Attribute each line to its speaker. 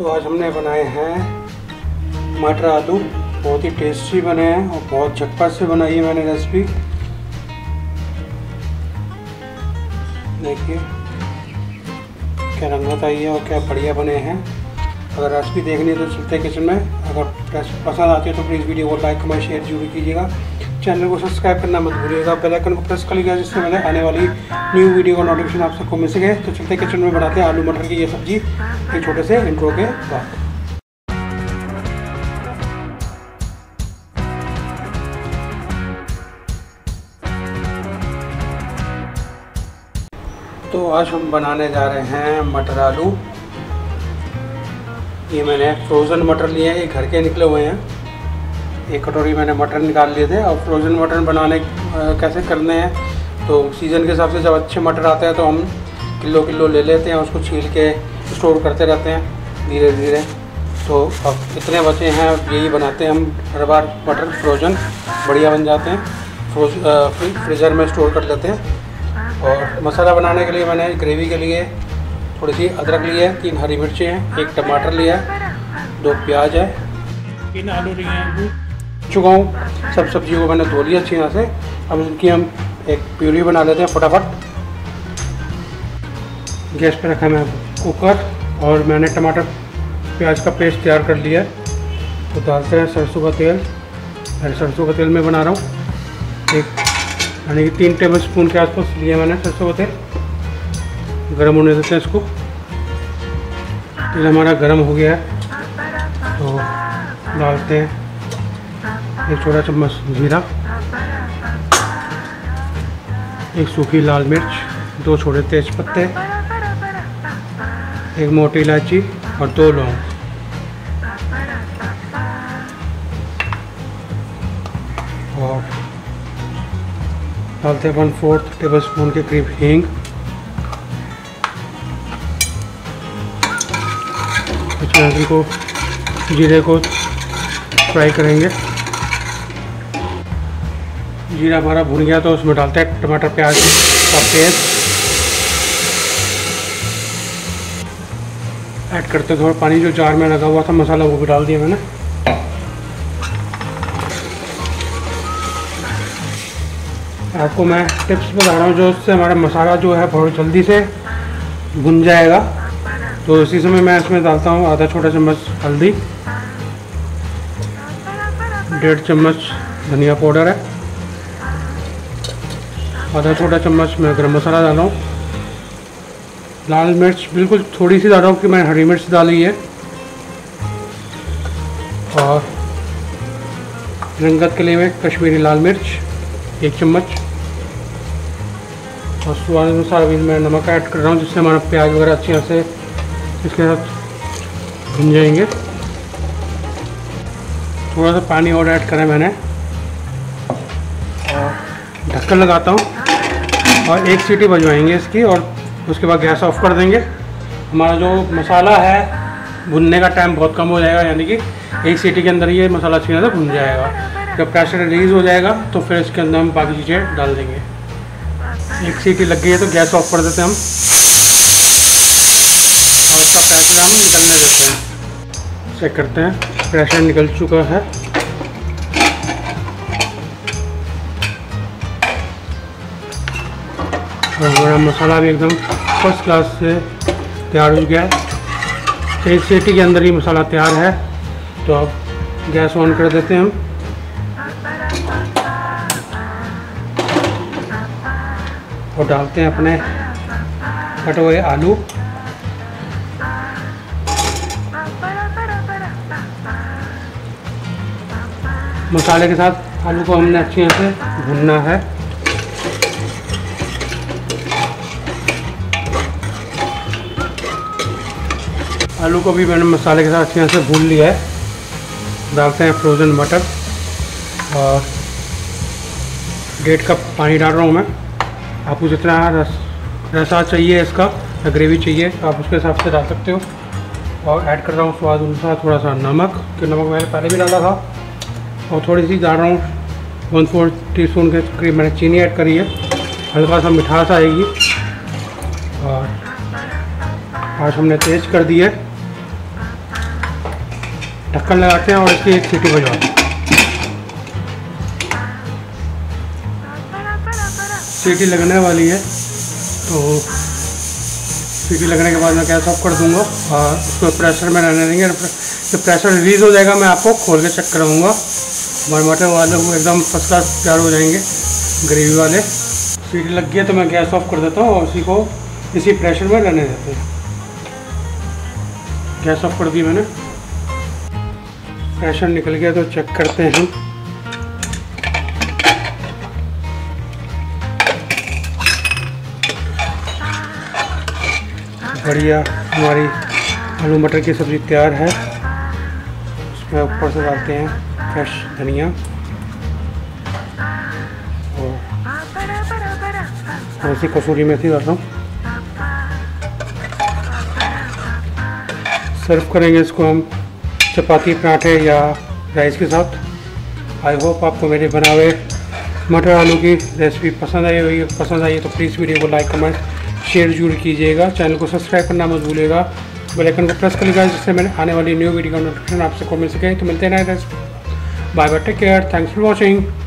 Speaker 1: दोस्तों आज हमने बनाए हैं मटर आलू बहुत ही टेस्टी बने हैं और बहुत झटपट से बनाई है मैंने रेसिपी देखिए क्या रंगत आई है और क्या बढ़िया बने हैं अगर रेसिपी देखनी है तो चलते किचन में अगर रेसिपी पसंद आती है तो प्लीज़ वीडियो को लाइक कमेंट शेयर जरूर कीजिएगा चैनल को सब्सक्राइब करना मत भूलिएगा बेल आइकन को प्रेस कर लीजिएगा जिससे मैंने आने वाली न्यू वीडियो का नोटिफिकेशन आप सबको मिल सके तो चलते किचन में बनाते हैं आलू मटर की ये सब्जी एक छोटे से इंट्रो के बाद तो आज हम बनाने जा रहे हैं मटर आलू ये मैंने फ्रोज़न मटर लिए हैं ये घर के निकले हुए हैं एक कटोरी मैंने मटन निकाल लिए थे और फ्रोज़न मटन बनाने कैसे करने हैं तो सीज़न के हिसाब से जब अच्छे मटर आते हैं तो हम किलो किलो ले लेते हैं उसको छील के स्टोर करते रहते हैं धीरे धीरे तो अब कितने बचे हैं यही बनाते हैं हम हर बार मटर फ्रोजन बढ़िया बन जाते हैं फ्रोज फ्रीजर में स्टोर कर लेते हैं और मसाला बनाने के लिए मैंने ग्रेवी के लिए थोड़ी सी अदरक ली है तीन हरी मिर्चें हैं एक टमाटर लिया है दो प्याज है तीन आलू लिए हैं चुका हूँ सब सब्जियों को मैंने धो लिया अच्छी यहाँ से अब इनकी हम एक प्यूरी बना लेते हैं फटाफट गैस पर रखा मैं कुकर और मैंने टमाटर प्याज का पेस्ट तैयार कर लिया तो डालते हैं सरसों का तेल मैं सरसों का तेल में बना रहा हूँ एक यानी कि तीन टेबल स्पून के आसपास लिया मैंने सरसों का तेल गर्म होने देते हैं इसको तेल हमारा गर्म हो गया है तो डालते हैं एक छोटा चम्मच जीरा एक सूखी लाल मिर्च दो छोटे तेज पत्ते एक मोटी इलायची और दो लौंग और डालते हैं वन फोर्थ टेबल स्पून के करीब हींग को जीरे को फ्राई करेंगे जीरा हमारा भुन गया तो उसमें डालते हैं टमाटर प्याज का पेस्ट ऐड करते थोड़ा पानी जो जार में लगा हुआ था मसाला वो भी डाल दिया मैंने आपको मैं टिप्स बता रहा हूँ जो उससे हमारा मसाला जो है बहुत जल्दी से भुन जाएगा तो इसी समय मैं इसमें डालता हूँ आधा छोटा चम्मच हल्दी डेढ़ चम्मच धनिया पाउडर है आधा छोटा चम्मच मैं गरम मसाला डाला हूँ लाल मिर्च बिल्कुल थोड़ी सी डाला हूँ कि मैंने हरी मिर्च डाली है और रंगत के लिए मैं कश्मीरी लाल मिर्च एक चम्मच और स्वाद अनुसार अभी मैं नमक ऐड कर रहा हूँ जिससे हमारा प्याज वगैरह अच्छे से इसके साथ भुन जाएंगे थोड़ा सा पानी और ऐड करा मैंने और ढक्कन लगाता हूँ और एक सीटी बजवाएंगे इसकी और उसके बाद गैस ऑफ कर देंगे हमारा जो मसाला है भुनने का टाइम बहुत कम हो जाएगा यानी कि एक सीटी के अंदर ये मसाला अच्छी तरह से भुन जाएगा जब प्रेशर रिलीज़ हो जाएगा तो फिर इसके अंदर हम बाकी चीज़ें डाल देंगे एक सीटी लग गई है तो गैस ऑफ कर देते हैं हम और उसका प्रेशर हम निकलने देते हैं चेक करते हैं प्रेशर निकल चुका है और हमारा मसाला भी एकदम फर्स्ट क्लास से तैयार हो गया है एक तो सीटी के अंदर ही मसाला तैयार है तो अब गैस ऑन कर देते हैं हम और डालते हैं अपने कटे हुए आलू मसाले के साथ आलू को हमने अच्छी तरह से भुनना है आलू को भी मैंने मसाले के साथ अच्छी तरह से भून लिया है डालते हैं फ्रोज़न मटर और डेढ़ कप पानी डाल रहा हूँ मैं आपको जितना रस रसा चाहिए इसका या ग्रेवी चाहिए आप उसके हिसाब से डाल सकते हो और ऐड कर रहा हूँ स्वाद अनुसार थोड़ा सा नमक कि नमक मैंने पहले भी डाला था और थोड़ी सी डाल रहा हूँ वन फोर टी स्पून के करीब मैंने चीनी ऐड करी है हल्का सा मिठास आएगी और आज हमने तेज कर दिया है ढक्कन लगाते हैं और इसकी एक सीटी बजवाते हैं सीटी लगने वाली है तो सीटी लगने के बाद मैं गैस ऑफ कर दूंगा और उसको प्रेशर में रहने देंगे जब प्रेशर रिलीज हो जाएगा मैं आपको खोल के चेक कराऊंगा हमारे मटर वाले वो एकदम फर्स्ट क्लास तैयार हो जाएंगे ग्रेवी वाले सीटी लग गया तो मैं गैस ऑफ कर देता हूँ और उसी को इसी प्रेशर में रहने देते हैं गैस ऑफ कर दी मैंने प्रेशर निकल गया तो चेक करते हैं बढ़िया हमारी आलू मटर की सब्ज़ी तैयार है उसमें ऊपर से डालते हैं फ्रेश धनिया और कसूरी मेथी डाल डालता हूँ सर्व करेंगे इसको हम चपाती पराठे या राइस के साथ आई होप आपको मेरे बना हुए मटर आलू की रेसिपी पसंद आई होगी पसंद आई तो प्लीज़ वीडियो को लाइक कमेंट शेयर जरूर कीजिएगा चैनल को सब्सक्राइब करना मत भूलिएगा आइकन को प्रेस कर लीजिएगा जिससे मेरे आने वाली न्यू वीडियो का नोटिफिकेशन आपसे को मिल सके तो मिलते हैं नए recipe bye bye take care thanks for watching